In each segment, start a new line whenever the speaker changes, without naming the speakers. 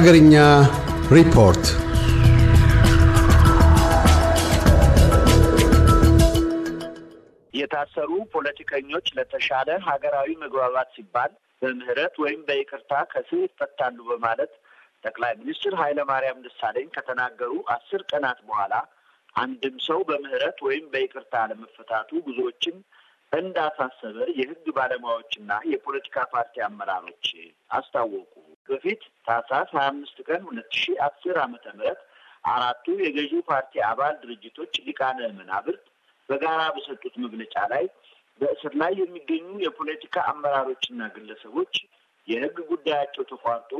ሀገርኛ ሪፖርት የታሰሩ ፖለቲከኞች ለተሻለ ሀገራዊ መግባባት ሲባል በምህረት ወይም በይቅርታ ከስር ይፈታሉ በማለት ጠቅላይ ሚኒስትር ኃይለ ማርያም ደሳለኝ ከተናገሩ አስር ቀናት በኋላ አንድም ሰው በምህረት ወይም በይቅርታ ለመፈታቱ ብዙዎችን እንዳሳሰበ የህግ ባለሙያዎችና የፖለቲካ ፓርቲ አመራሮች አስታወቁ። በፊት ታህሳስ ሀያ አምስት ቀን ሁለት ሺ አስር አመተ ምህረት አራቱ የገዢው ፓርቲ አባል ድርጅቶች ሊቃነ መናብርት በጋራ በሰጡት መግለጫ ላይ በእስር ላይ የሚገኙ የፖለቲካ አመራሮችና ግለሰቦች የህግ ጉዳያቸው ተቋርጦ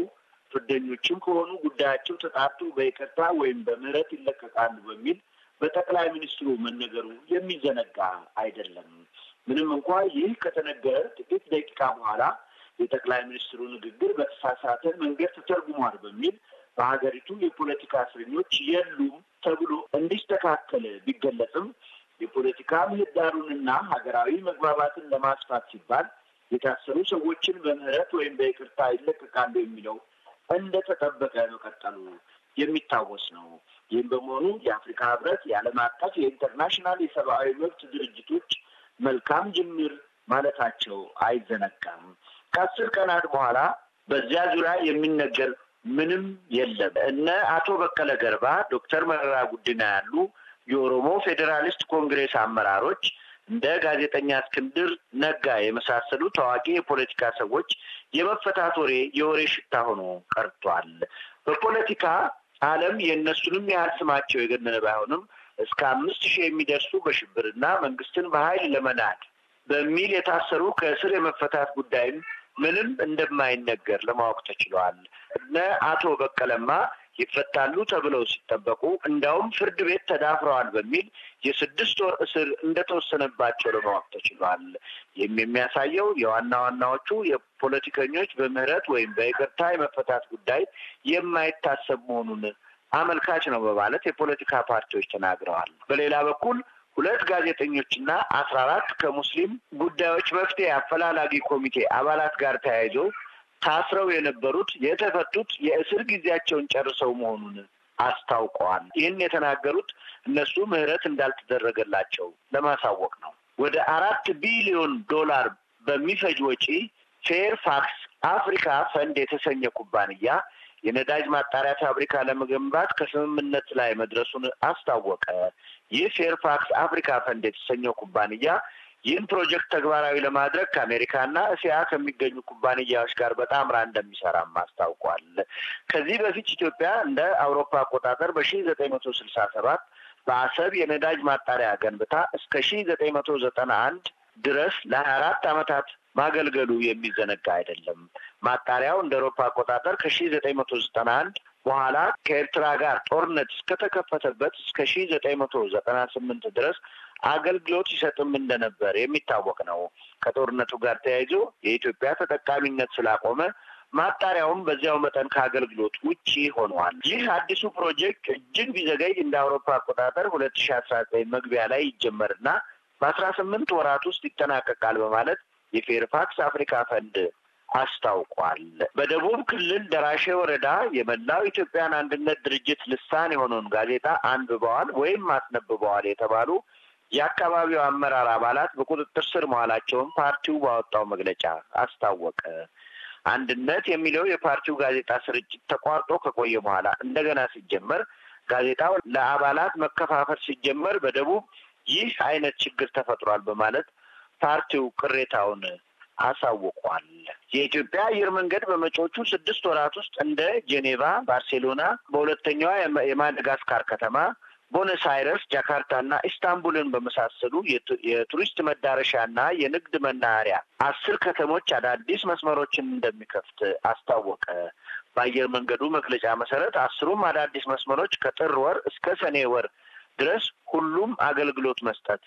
ፍርደኞችም ከሆኑ ጉዳያቸው ተጣርቶ በይቅርታ ወይም በምህረት ይለቀቃሉ በሚል በጠቅላይ ሚኒስትሩ መነገሩ የሚዘነጋ አይደለም። ምንም እንኳ ይህ ከተነገረ ጥቂት ደቂቃ በኋላ የጠቅላይ ሚኒስትሩ ንግግር በተሳሳተ መንገድ ተተርጉሟል በሚል በሀገሪቱ የፖለቲካ እስረኞች የሉም ተብሎ እንዲስተካከል ቢገለጽም የፖለቲካ ምህዳሩንና ሀገራዊ መግባባትን ለማስፋት ሲባል የታሰሩ ሰዎችን በምህረት ወይም በይቅርታ ይለቀቃሉ የሚለው እንደተጠበቀ መቀጠሉ የሚታወስ ነው። ይህም በመሆኑ የአፍሪካ ህብረት የዓለም አቀፍ የኢንተርናሽናል የሰብአዊ መብት ድርጅቶች መልካም ጅምር ማለታቸው አይዘነጋም። ከአስር ቀናት በኋላ በዚያ ዙሪያ የሚነገር ምንም የለም። እነ አቶ በቀለ ገርባ፣ ዶክተር መረራ ጉዲና ያሉ የኦሮሞ ፌዴራሊስት ኮንግሬስ አመራሮች እንደ ጋዜጠኛ እስክንድር ነጋ የመሳሰሉ ታዋቂ የፖለቲካ ሰዎች የመፈታት ወሬ የወሬ ሽታ ሆኖ ቀርቷል። በፖለቲካ ዓለም የእነሱንም ያህል ስማቸው የገነነ ባይሆንም እስከ አምስት ሺህ የሚደርሱ በሽብርና መንግስትን በኃይል ለመናድ በሚል የታሰሩ ከእስር የመፈታት ጉዳይም ምንም እንደማይነገር ለማወቅ ተችሏል። እነ አቶ በቀለማ ይፈታሉ ተብለው ሲጠበቁ እንዲያውም ፍርድ ቤት ተዳፍረዋል በሚል የስድስት ወር እስር እንደተወሰነባቸው ለማወቅ ተችሏል። ይህም የሚያሳየው የዋና ዋናዎቹ የፖለቲከኞች በምህረት ወይም በይቅርታ የመፈታት ጉዳይ የማይታሰብ መሆኑን አመልካች ነው በማለት የፖለቲካ ፓርቲዎች ተናግረዋል። በሌላ በኩል ሁለት ጋዜጠኞችና አስራ አራት ከሙስሊም ጉዳዮች መፍትሄ አፈላላጊ ኮሚቴ አባላት ጋር ተያይዞ ታስረው የነበሩት የተፈቱት የእስር ጊዜያቸውን ጨርሰው መሆኑን አስታውቀዋል። ይህን የተናገሩት እነሱ ምህረት እንዳልተደረገላቸው ለማሳወቅ ነው። ወደ አራት ቢሊዮን ዶላር በሚፈጅ ወጪ ፌርፋክስ አፍሪካ ፈንድ የተሰኘ ኩባንያ የነዳጅ ማጣሪያ ፋብሪካ ለመገንባት ከስምምነት ላይ መድረሱን አስታወቀ። ይህ ፌርፋክስ አፍሪካ ፈንድ የተሰኘው ኩባንያ ይህን ፕሮጀክት ተግባራዊ ለማድረግ ከአሜሪካና እስያ ከሚገኙ ኩባንያዎች ጋር በጣምራ እንደሚሰራም አስታውቋል። ከዚህ በፊት ኢትዮጵያ እንደ አውሮፓ አቆጣጠር በሺ ዘጠኝ መቶ ስልሳ ሰባት በአሰብ የነዳጅ ማጣሪያ ገንብታ እስከ ሺ ዘጠኝ መቶ ዘጠና አንድ ድረስ ለሀያ አራት ዓመታት ማገልገሉ የሚዘነጋ አይደለም። ማጣሪያው እንደ አውሮፓ አቆጣጠር ከሺ ዘጠኝ መቶ ዘጠና አንድ በኋላ ከኤርትራ ጋር ጦርነት እስከተከፈተበት እስከ ሺ ዘጠኝ መቶ ዘጠና ስምንት ድረስ አገልግሎት ይሰጥም እንደነበር የሚታወቅ ነው። ከጦርነቱ ጋር ተያይዞ የኢትዮጵያ ተጠቃሚነት ስላቆመ ማጣሪያውም በዚያው መጠን ከአገልግሎት ውጪ ሆኗል። ይህ አዲሱ ፕሮጀክት እጅግ ቢዘገይ እንደ አውሮፓ አቆጣጠር ሁለት ሺ አስራ ዘጠኝ መግቢያ ላይ ይጀመርና በአስራ ስምንት ወራት ውስጥ ይጠናቀቃል በማለት የፌርፋክስ አፍሪካ ፈንድ አስታውቋል። በደቡብ ክልል ደራሼ ወረዳ የመላው ኢትዮጵያን አንድነት ድርጅት ልሳን የሆነውን ጋዜጣ አንብበዋል ወይም አስነብበዋል የተባሉ የአካባቢው አመራር አባላት በቁጥጥር ስር መዋላቸውን ፓርቲው ባወጣው መግለጫ አስታወቀ። አንድነት የሚለው የፓርቲው ጋዜጣ ስርጭት ተቋርጦ ከቆየ በኋላ እንደገና ሲጀመር ጋዜጣው ለአባላት መከፋፈል ሲጀመር በደቡብ ይህ አይነት ችግር ተፈጥሯል በማለት ፓርቲው ቅሬታውን አሳውቋል። የኢትዮጵያ አየር መንገድ በመጪዎቹ ስድስት ወራት ውስጥ እንደ ጄኔቫ፣ ባርሴሎና፣ በሁለተኛዋ የማደጋስካር ከተማ ቦነስ አይረስ፣ ጃካርታ እና ኢስታንቡልን በመሳሰሉ የቱሪስት መዳረሻ ና የንግድ መናኸሪያ አስር ከተሞች አዳዲስ መስመሮችን እንደሚከፍት አስታወቀ። በአየር መንገዱ መግለጫ መሰረት አስሩም አዳዲስ መስመሮች ከጥር ወር እስከ ሰኔ ወር ድረስ ሁሉም አገልግሎት መስጠት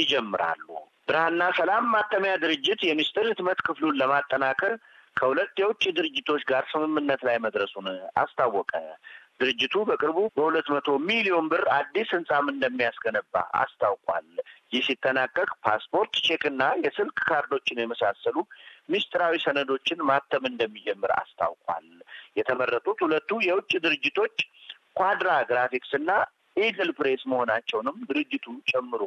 ይጀምራሉ። ብርሃንና ሰላም ማተሚያ ድርጅት የምስጢር ህትመት ክፍሉን ለማጠናከር ከሁለት የውጭ ድርጅቶች ጋር ስምምነት ላይ መድረሱን አስታወቀ። ድርጅቱ በቅርቡ በሁለት መቶ ሚሊዮን ብር አዲስ ህንፃም እንደሚያስገነባ አስታውቋል። ይህ ሲጠናቀቅ ፓስፖርት፣ ቼክና የስልክ ካርዶችን የመሳሰሉ ሚስጥራዊ ሰነዶችን ማተም እንደሚጀምር አስታውቋል። የተመረጡት ሁለቱ የውጭ ድርጅቶች ኳድራ ግራፊክስ እና ኢግል ፕሬስ መሆናቸውንም ድርጅቱ ጨምሮ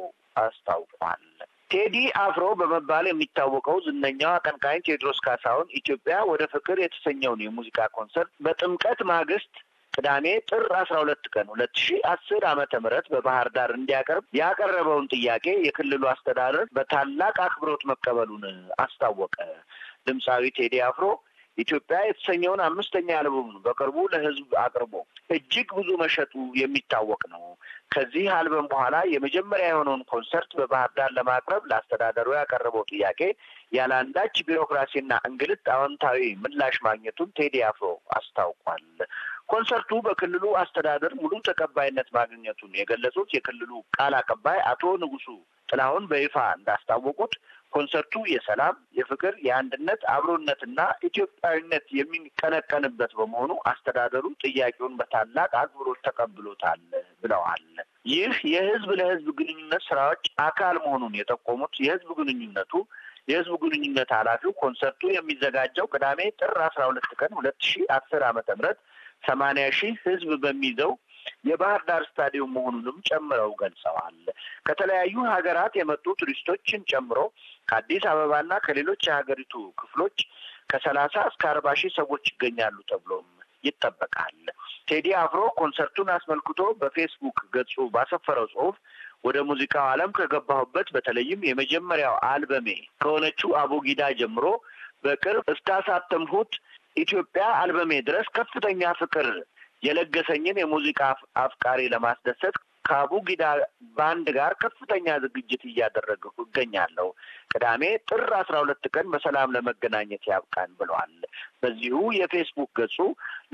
አስታውቋል። ቴዲ አፍሮ በመባል የሚታወቀው ዝነኛው አቀንቃኝ ቴዎድሮስ ካሳሁን ኢትዮጵያ ወደ ፍቅር የተሰኘውን የሙዚቃ ኮንሰርት በጥምቀት ማግስት ቅዳሜ ጥር አስራ ሁለት ቀን ሁለት ሺ አስር ዓመተ ምህረት በባህር ዳር እንዲያቀርብ ያቀረበውን ጥያቄ የክልሉ አስተዳደር በታላቅ አክብሮት መቀበሉን አስታወቀ። ድምፃዊ ቴዲ አፍሮ ኢትዮጵያ የተሰኘውን አምስተኛ አልበሙን በቅርቡ ለሕዝብ አቅርቦ እጅግ ብዙ መሸጡ የሚታወቅ ነው። ከዚህ አልበም በኋላ የመጀመሪያ የሆነውን ኮንሰርት በባህር ዳር ለማቅረብ ለአስተዳደሩ ያቀረበው ጥያቄ ያለ አንዳች ቢሮክራሲና እንግልት አዎንታዊ ምላሽ ማግኘቱን ቴዲ አፍሮ አስታውቋል። ኮንሰርቱ በክልሉ አስተዳደር ሙሉ ተቀባይነት ማግኘቱን የገለጹት የክልሉ ቃል አቀባይ አቶ ንጉሱ ጥላሁን በይፋ እንዳስታወቁት ኮንሰርቱ የሰላም፣ የፍቅር፣ የአንድነት፣ አብሮነትና ኢትዮጵያዊነት የሚቀነቀንበት በመሆኑ አስተዳደሩ ጥያቄውን በታላቅ አክብሮት ተቀብሎታል ብለዋል። ይህ የህዝብ ለህዝብ ግንኙነት ስራዎች አካል መሆኑን የጠቆሙት የህዝብ ግንኙነቱ የህዝብ ግንኙነት ኃላፊው ኮንሰርቱ የሚዘጋጀው ቅዳሜ ጥር አስራ ሁለት ቀን ሁለት ሺ አስር ዓመተ ምህረት ሰማንያ ሺህ ህዝብ በሚይዘው የባህር ዳር ስታዲየም መሆኑንም ጨምረው ገልጸዋል። ከተለያዩ ሀገራት የመጡ ቱሪስቶችን ጨምሮ ከአዲስ አበባና ከሌሎች የሀገሪቱ ክፍሎች ከሰላሳ እስከ አርባ ሺህ ሰዎች ይገኛሉ ተብሎም ይጠበቃል። ቴዲ አፍሮ ኮንሰርቱን አስመልክቶ በፌስቡክ ገጹ ባሰፈረው ጽሁፍ ወደ ሙዚቃው ዓለም ከገባሁበት በተለይም የመጀመሪያው አልበሜ ከሆነችው አቡጊዳ ጀምሮ በቅርብ እስካሳተምሁት ኢትዮጵያ አልበሜ ድረስ ከፍተኛ ፍቅር የለገሰኝን የሙዚቃ አፍቃሪ ለማስደሰት ጊዳ ባንድ ጋር ከፍተኛ ዝግጅት እያደረገ እገኛለሁ። ቅዳሜ ጥር አስራ ሁለት ቀን በሰላም ለመገናኘት ያብቃን ብለዋል። በዚሁ የፌስቡክ ገጹ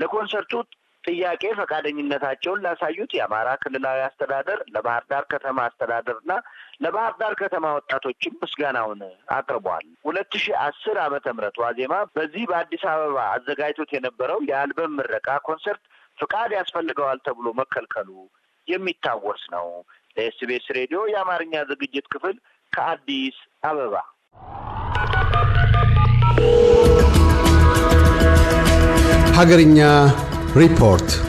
ለኮንሰርቱ ጥያቄ ፈቃደኝነታቸውን ላሳዩት የአማራ ክልላዊ አስተዳደር፣ ለባህር ዳር ከተማ አስተዳደር እና ለባህር ዳር ከተማ ወጣቶችም ምስጋናውን አቅርቧል። ሁለት ሺ አስር ዓመተ ምህረት ዋዜማ በዚህ በአዲስ አበባ አዘጋጅቶት የነበረው የአልበም ምረቃ ኮንሰርት ፍቃድ ያስፈልገዋል ተብሎ መከልከሉ የሚታወስ ነው። ለኤስቢኤስ ሬዲዮ የአማርኛ ዝግጅት ክፍል ከአዲስ አበባ ሀገርኛ ሪፖርት